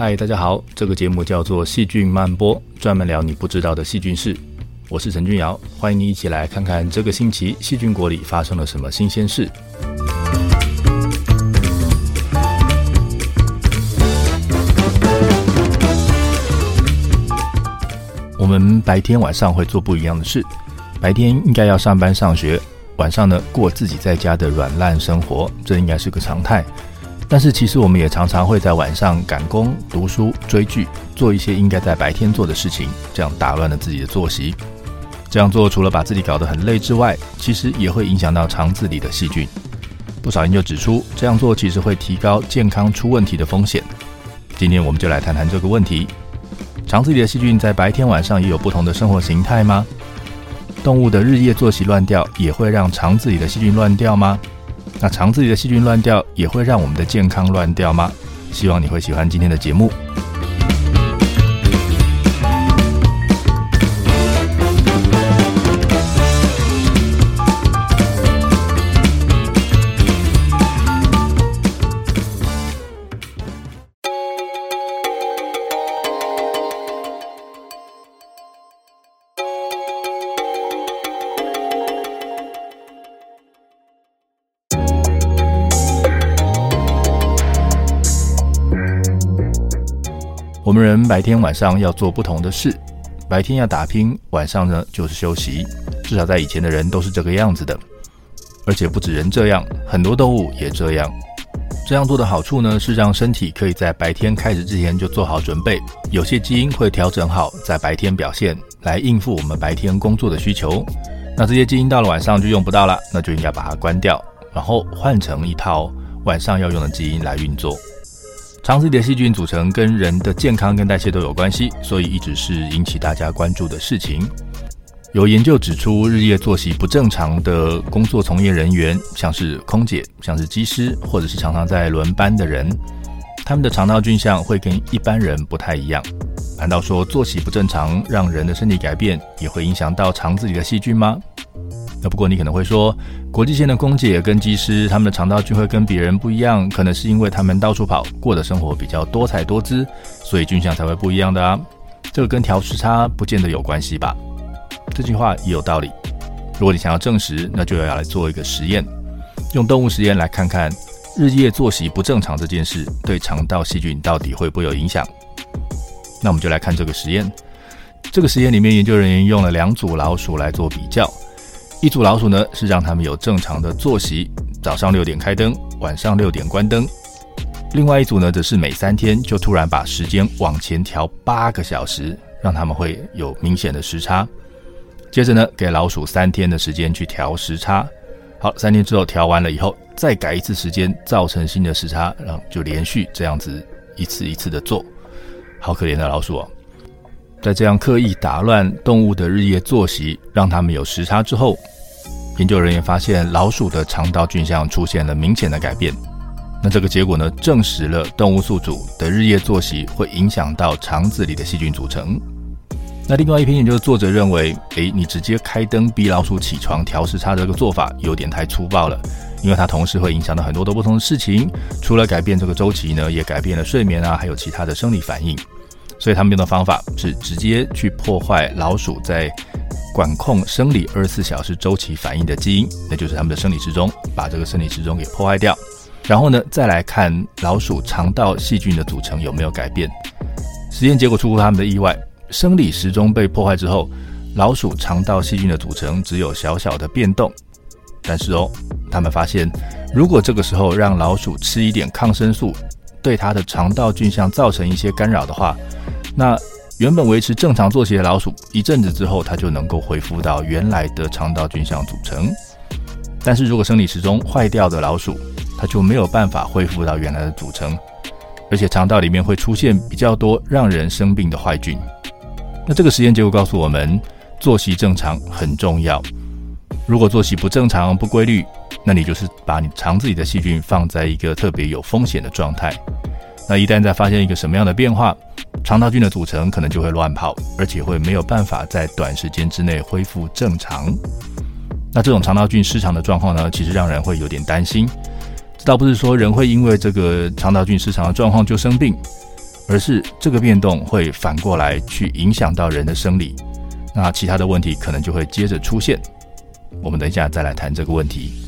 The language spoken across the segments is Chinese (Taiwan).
嗨，大家好！這個節目叫做《細菌曼波》，專門聊你不知道的細菌事。我是陳俊堯，歡迎你一起來看看這個星期細菌國裡發生了什麼新鮮事。我們白天晚上會做不一樣的事，白天應該要上班上學，晚上呢，過自己在家的軟爛生活，這應該是個常態。但是其實我們也常常會在晚上趕工、讀書、追劇，做一些應該在白天做的事情，這樣打亂了自己的作息。這樣做除了把自己搞得很累之外，其實也會影響到腸子裡的細菌。不少研究指出，這樣做其實會提高健康出問題的風險。今天我們就來談談這個問題：腸子裡的細菌在白天晚上也有不同的生活形態嗎？動物的日夜作息亂掉，也會讓腸子裡的細菌亂掉嗎？那腸子裡的細菌亂掉，也會讓我們的健康亂掉嗎？希望你會喜歡今天的節目。我們人白天晚上要做不同的事，白天要打拼，晚上呢就是休息。至少在以前的人都是這個樣子的，而且不止人這樣，很多動物也這樣。這樣做的好處呢，是讓身體可以在白天開始之前就做好準備，有些基因會調整好，在白天表現，來應付我們白天工作的需求。那這些基因到了晚上就用不到了，那就應該把它關掉，然後換成一套晚上要用的基因來運作。腸子裡的細菌組成跟人的健康跟代謝都有關係，所以一直是引起大家關注的事情。有研究指出，日夜作息不正常的工作從業人員，像是空姐、像是機師，或者是常常在輪班的人，他們的腸道菌相會跟一般人不太一樣。難道說作息不正常讓人的身體改變，也會影響到腸子裡的細菌嗎？那不過你可能會說，國際線的空姐跟機師，他們的腸道菌會跟別人不一樣，可能是因為他們到處跑，過的生活比較多彩多姿，所以菌相才會不一樣的啊。這個跟調時差不見得有關係吧？這句話也有道理。如果你想要證實，那就要來做一個實驗，用動物實驗來看看日夜作息不正常這件事對腸道細菌到底會不會有影響。那我們就來看這個實驗。這個實驗裡面，研究人員用了兩組老鼠來做比較。一組老鼠呢是讓他們有正常的作息，早上六點開燈，晚上六點關燈。另外一組呢則是每三天就突然把時間往前調八個小時，讓他們會有明顯的時差。接着呢給老鼠三天的時間去調時差。好，三天之後調完了以後，再改一次時間，造成新的時差，然後就連續這樣子一次一次的做。好可憐的老鼠哦。在這樣刻意打亂動物的日夜作息，讓它們有時差之後，研究人員發現老鼠的腸道菌相出現了明顯的改變。那這個結果呢，證實了動物宿主的日夜作息會影響到腸子裡的細菌組成。那另外一篇研究作者認為，誒、欸，你直接開燈逼老鼠起床調時差這個做法有點太粗暴了，因為它同時會影響到很多的不同的事情，除了改變這個週期呢，也改變了睡眠啊，還有其他的生理反應。所以他們用的方法是直接去破壞老鼠，在管控生理二十四小時周期反應的基因，那就是他們的生理時鐘，把這個生理時鐘給破壞掉。然後呢，再來看老鼠腸道細菌的組成有沒有改變。實驗結果出乎他們的意外，生理時鐘被破壞之後，老鼠腸道細菌的組成只有小小的變動。但是哦，他們發現，如果這個時候讓老鼠吃一點抗生素，對它的腸道菌相造成一些干擾的話，那原本維持正常作息的老鼠，一陣子之後，它就能夠恢復到原來的腸道菌相組成。但是如果生理時鐘壞掉的老鼠，它就沒有辦法恢復到原來的組成，而且腸道裡面會出現比較多讓人生病的壞菌。那這個實驗結果告訴我們，作息正常很重要。如果作息不正常、不規律，那你就是把你腸子裡的細菌放在一個特別有風險的狀態，那一旦再發現一個什麼樣的變化，腸道菌的組成可能就會亂跑，而且會沒有辦法在短時間之內恢復正常。那這種腸道菌失常的狀況呢，其實讓人會有點擔心。這倒不是說人會因為這個腸道菌失常的狀況就生病，而是這個變動會反過來去影響到人的生理，那其他的問題可能就會接着出現。我們等一下再來談這個問題。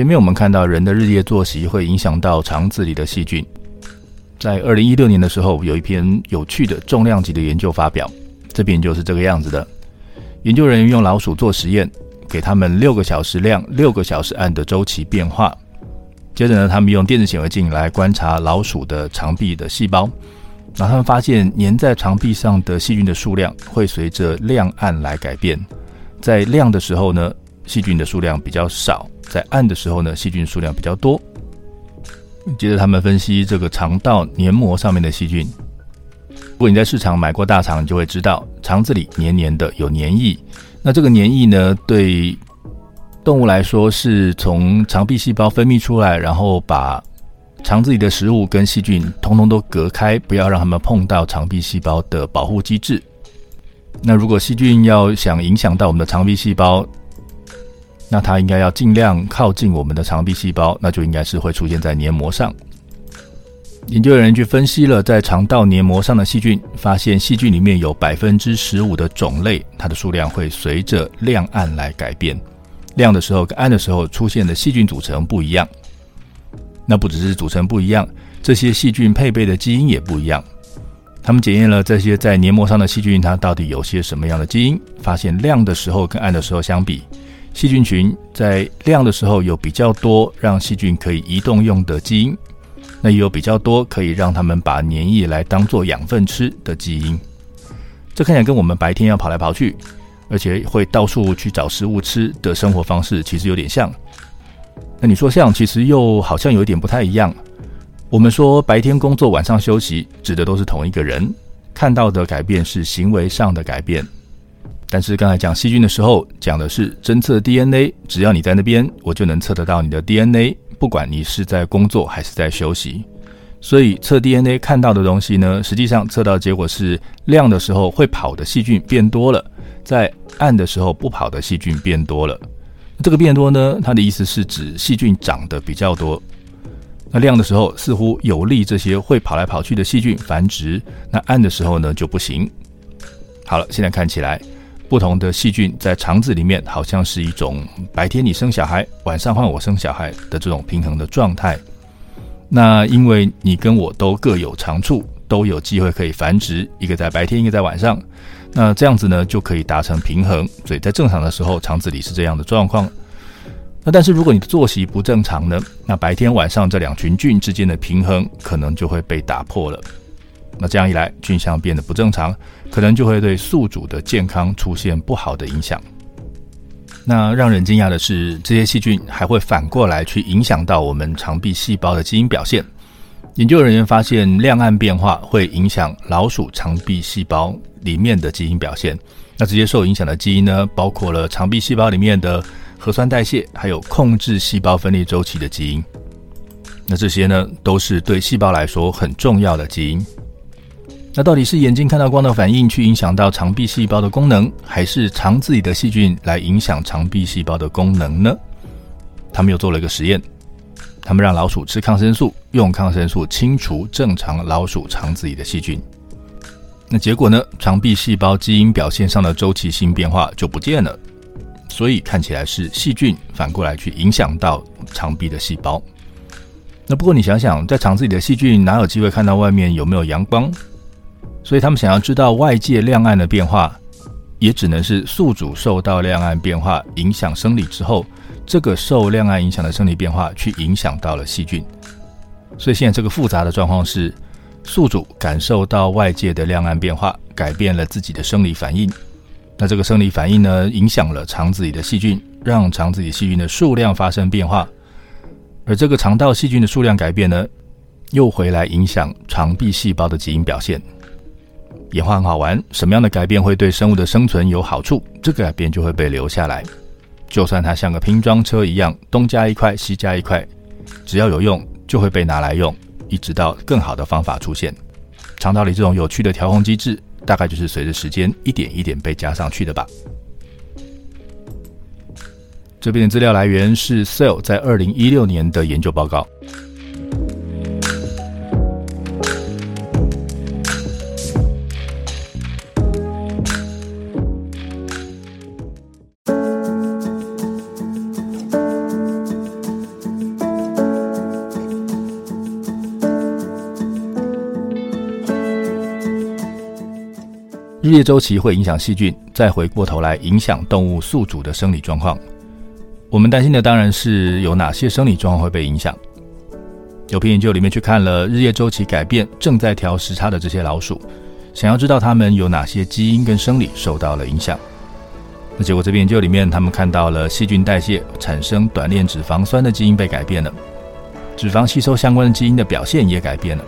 前面我們看到人的日夜作息會影響到腸子裡的細菌。在二零一六年的時候，有一篇有趣的重量級的研究發表，這篇就是這個樣子的。研究人員用老鼠做實驗，給他們六個小時亮、六個小時暗的周期變化。接着呢，他們用電子顯微鏡來觀察老鼠的腸壁的細胞，然後他們發現粘在腸壁上的細菌的數量會隨着亮暗來改變。在亮的時候呢？細菌的數量比較少，在暗的時候呢，細菌數量比較多。接着他們分析這個腸道黏膜上面的細菌。如果你在市場買過大腸，你就會知道腸子裡黏黏的有黏液。那這個黏液呢，對動物來說是從腸壁細胞分泌出來，然後把腸子裡的食物跟細菌通通都隔開，不要讓他們碰到腸壁細胞的保護機制。那如果細菌要想影響到我們的腸壁細胞，那它應該要盡量靠近我們的腸壁細胞，那就應該是會出現在黏膜上。研究人員去分析了在腸道黏膜上的細菌，發現細菌裡面有百分之十五的種類，它的數量會隨着亮暗來改變。亮的時候跟暗的時候出現的細菌組成不一樣。那不只是組成不一樣，這些細菌配備的基因也不一樣。他們檢驗了這些在黏膜上的細菌，它到底有些什麼樣的基因，發現亮的時候跟暗的時候相比。細菌群在亮的時候有比較多讓細菌可以移動用的基因，那也有比較多可以讓他們把粘液來當作養分吃的基因。這看起來跟我們白天要跑來跑去，而且會到處去找食物吃的生活方式其實有點像。那你說像，其實又好像有點不太一樣。我們說白天工作，晚上休息，指的都是同一個人，看到的改變是行為上的改變。但是剛才講細菌的時候，講的是偵測 DNA，只要你在那邊，我就能測得到你的 DNA，不管你是在工作還是在休息。所以測 DNA 看到的東西呢，實際上測到的結果是亮的時候會跑的細菌變多了，在暗的時候不跑的細菌變多了。這個變多呢，它的意思是指細菌長得比較多。那亮的時候似乎有利這些會跑來跑去的細菌繁殖，那暗的時候呢就不行。好了，現在看起來，不同的細菌在腸子裡面，好像是一種白天你生小孩，晚上換我生小孩的這種平衡的狀態。那因為你跟我都各有長處，都有機會可以繁殖，一個在白天，一個在晚上。那這樣子呢，就可以達成平衡。所以在正常的時候，腸子裡是這樣的狀況。那但是如果你的作息不正常呢，那白天晚上這兩群菌之間的平衡可能就會被打破了。那這樣一來，菌相變得不正常，可能就會對宿主的健康出現不好的影響。那讓人驚訝的是，這些細菌還會反過來去影響到我們腸壁細胞的基因表現。研究人員發現，亮暗變化會影響老鼠腸壁細胞裡面的基因表現。那直接受影響的基因呢，包括了腸壁細胞裡面的核酸代謝，還有控制細胞分裂週期的基因。那這些呢，都是對細胞來說很重要的基因。那到底是眼睛看到光的反應去影響到腸壁細胞的功能，還是腸子裡的細菌來影響腸壁細胞的功能呢？他們又做了一個實驗，他們讓老鼠吃抗生素，用抗生素清除正常老鼠腸子裡的細菌。那結果呢？腸壁細胞基因表現上的周期性變化就不見了，所以看起來是細菌反過來去影響到腸壁的細胞。那不過你想想，在腸子裡的細菌哪有機會看到外面有沒有陽光？所以他們想要知道外界亮暗的變化，也只能是宿主受到亮暗變化影響生理之後，這個受亮暗影響的生理變化去影響到了細菌。所以現在這個複雜的狀況是，宿主感受到外界的亮暗變化，改變了自己的生理反應。那這個生理反應呢，影響了腸子裡的細菌，讓腸子裡細菌的數量發生變化。而這個腸道細菌的數量改變呢，又回來影響腸壁細,細胞的基因表現。演化很好玩，什麼樣的改變，會對生物的生存有好處，這個改變就會被留下來。就算它像個拼裝車一樣，東加一塊，西加一塊，只要有用，就會被拿來用，一直到更好的方法出現。腸道裡這種有趣的調控機制，大概就是隨着時間一點一點被加上去的吧。這邊的資料來源是 Cell 在二零一六年的研究報告。週期會影響細菌，再回過頭來影響動物宿主的生理狀況。我們擔心的當然是有哪些生理狀況會被影響。有篇研究裡面去看了日夜週期改變、正在調時差的這些老鼠，想要知道它們有哪些基因跟生理受到了影響。那結果這篇研究裡面，他們看到了細菌代謝產生短鏈脂肪酸的基因被改變了，脂肪吸收相關的基因的表現也改變了。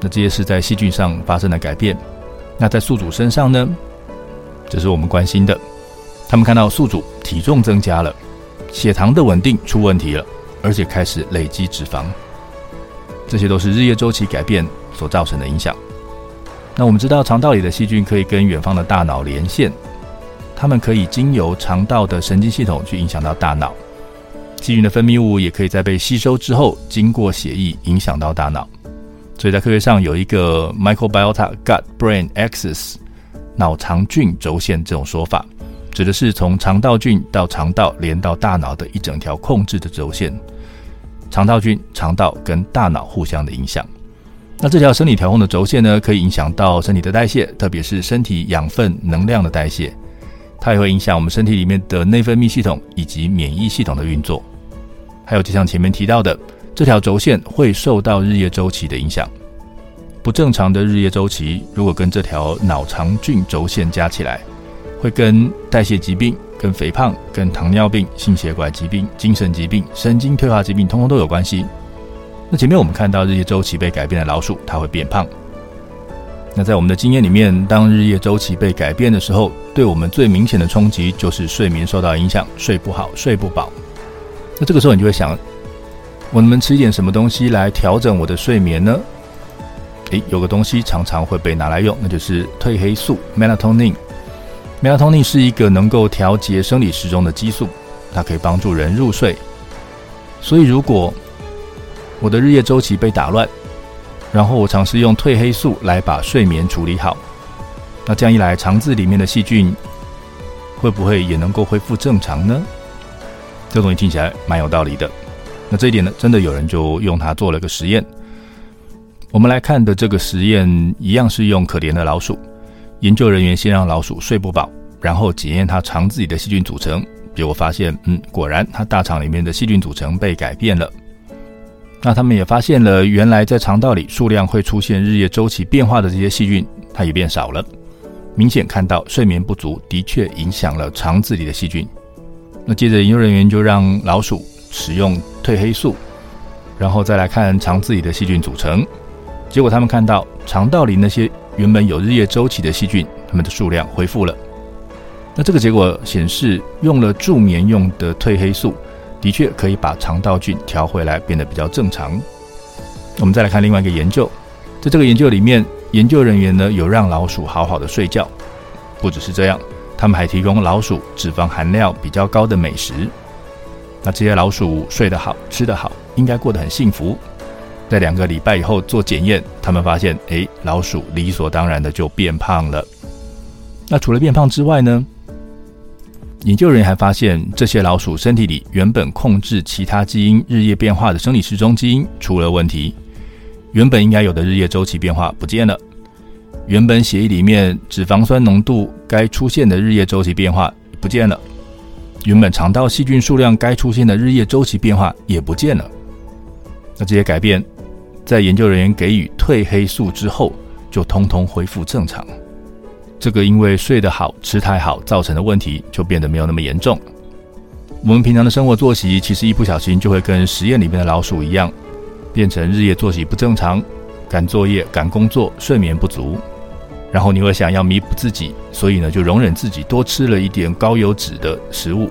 那這些是在細菌上發生的改變。那在宿主身上呢？這是我們關心的。他們看到宿主體重增加了，血糖的穩定出問題了，而且開始累積脂肪。這些都是日夜周期改變所造成的影響。那我們知道，腸道裡的細菌可以跟遠方的大腦連線，它們可以經由腸道的神經系統去影響到大腦。細菌的分泌物也可以在被吸收之後，經過血液影響到大腦。所以在科學上有一個 Microbiota Gut Brain Axis 腦腸菌軸線這種說法，指的是從腸道菌到腸道連到大腦的一整條控制的軸線，腸道菌、腸道跟大腦互相的影響。那這條生理調控的軸線呢，可以影響到身體的代謝，特別是身體養分能量的代謝，它也會影響我們身體裡面的內分泌系統以及免疫系統的運作。還有就像前面提到的。這條軸線會受到日夜週期的影響。不正常的日夜週期，如果跟這條腦腸菌軸線加起來，會跟代謝疾病、跟肥胖、跟糖尿病、心血管疾病、精神疾病、神經退化疾病，通通都有關係。那前面我們看到日夜週期被改變的老鼠，它會變胖。那在我們的經驗裡面，當日夜週期被改變的時候，對我們最明顯的衝擊就是睡眠受到影響，睡不好，睡不飽。那這個時候，你就會想。我能不能吃一點什麼東西來調整我的睡眠呢？誒，有個東西常常會被拿來用，那就是褪黑素 （Melatonin）。Melatonin 是一個能夠調節生理時鐘的激素，它可以幫助人入睡。所以，如果我的日夜周期被打亂，然後我嘗試用褪黑素來把睡眠處理好，那這樣一來，腸子裡面的細菌會不會也能夠恢復正常呢？這東西聽起來蠻有道理的。那這一點呢，真的有人就用它做了個實驗。我們來看的這個實驗，一樣是用可憐的老鼠。研究人員先讓老鼠睡不飽，然後檢驗它腸子裡的細菌組成。結果發現，嗯，果然它大腸裡面的細菌組成被改變了。那他們也發現了，原來在腸道裡數量會出現日夜周期變化的這些細菌，它也變少了。明顯看到睡眠不足的確影響了腸子裡的細菌。那接着研究人員就讓老鼠使用褪黑素，然後再來看腸子裡的細菌組成，結果他們看到腸道裡那些原本有日夜周期的細菌，它們的數量恢復了。那這個結果顯示，用了助眠用的褪黑素，的確可以把腸道菌調回來，變得比較正常。我們再來看另外一個研究，在這個研究裡面，研究人員呢有讓老鼠好好的睡覺，不只是這樣，他們還提供老鼠脂肪含量比較高的美食。那、啊、這些老鼠睡得好，吃得好，應該過得很幸福。在兩個禮拜以後做檢驗，他們發現，欸，老鼠理所當然的就變胖了。那除了變胖之外呢？研究人員還發現，這些老鼠身體裡原本控制其他基因日夜變化的生理時鐘基因出了問題，原本應該有的日夜週期變化不見了，原本血液裡面脂肪酸濃度該出現的日夜週期變化不見了。原本腸道細菌數量該出現的日夜週期變化也不見了。那這些改變，在研究人員給予褪黑素之後，就通通恢復正常。這個因為睡得好、吃太好造成的問題，就變得沒有那麼嚴重。我們平常的生活作息，其實一不小心就會跟實驗裡面的老鼠一樣，變成日夜作息不正常，趕作業、趕工作，睡眠不足。然後你會想要彌補自己，所以呢，就容忍自己多吃了一點高油脂的食物。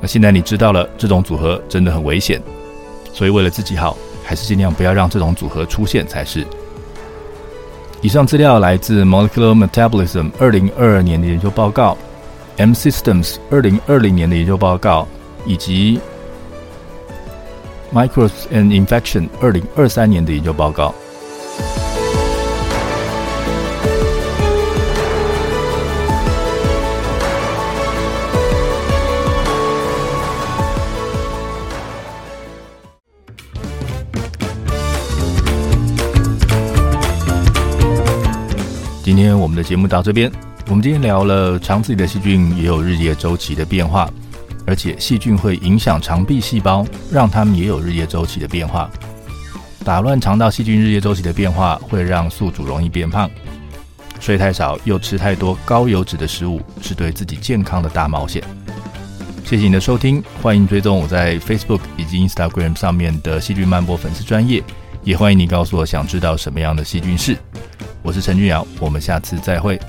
那現在你知道了，這種組合真的很危險，所以為了自己好，還是盡量不要讓這種組合出現才是。以上資料來自《Molecular Metabolism》二零二二年的研究報告，《M Systems》二零二零年的研究報告，以及《Microbes and Infection》二零二三年的研究報告。今天我們的節目到這邊，我們今天聊了腸子裡的細菌也有日夜週期的變化，而且細菌會影響腸壁細胞，讓它們也有日夜週期的變化。打亂腸道細菌日夜週期的變化，會讓宿主容易變胖。睡太少又吃太多高油脂的食物，是對自己健康的大冒險。謝謝你的收聽，歡迎追蹤我在 Facebook 以及 Instagram 上面的細菌曼波粉絲專頁，也歡迎你告訴我想知道什麼樣的細菌是。我是陳俊堯，我們下次再會。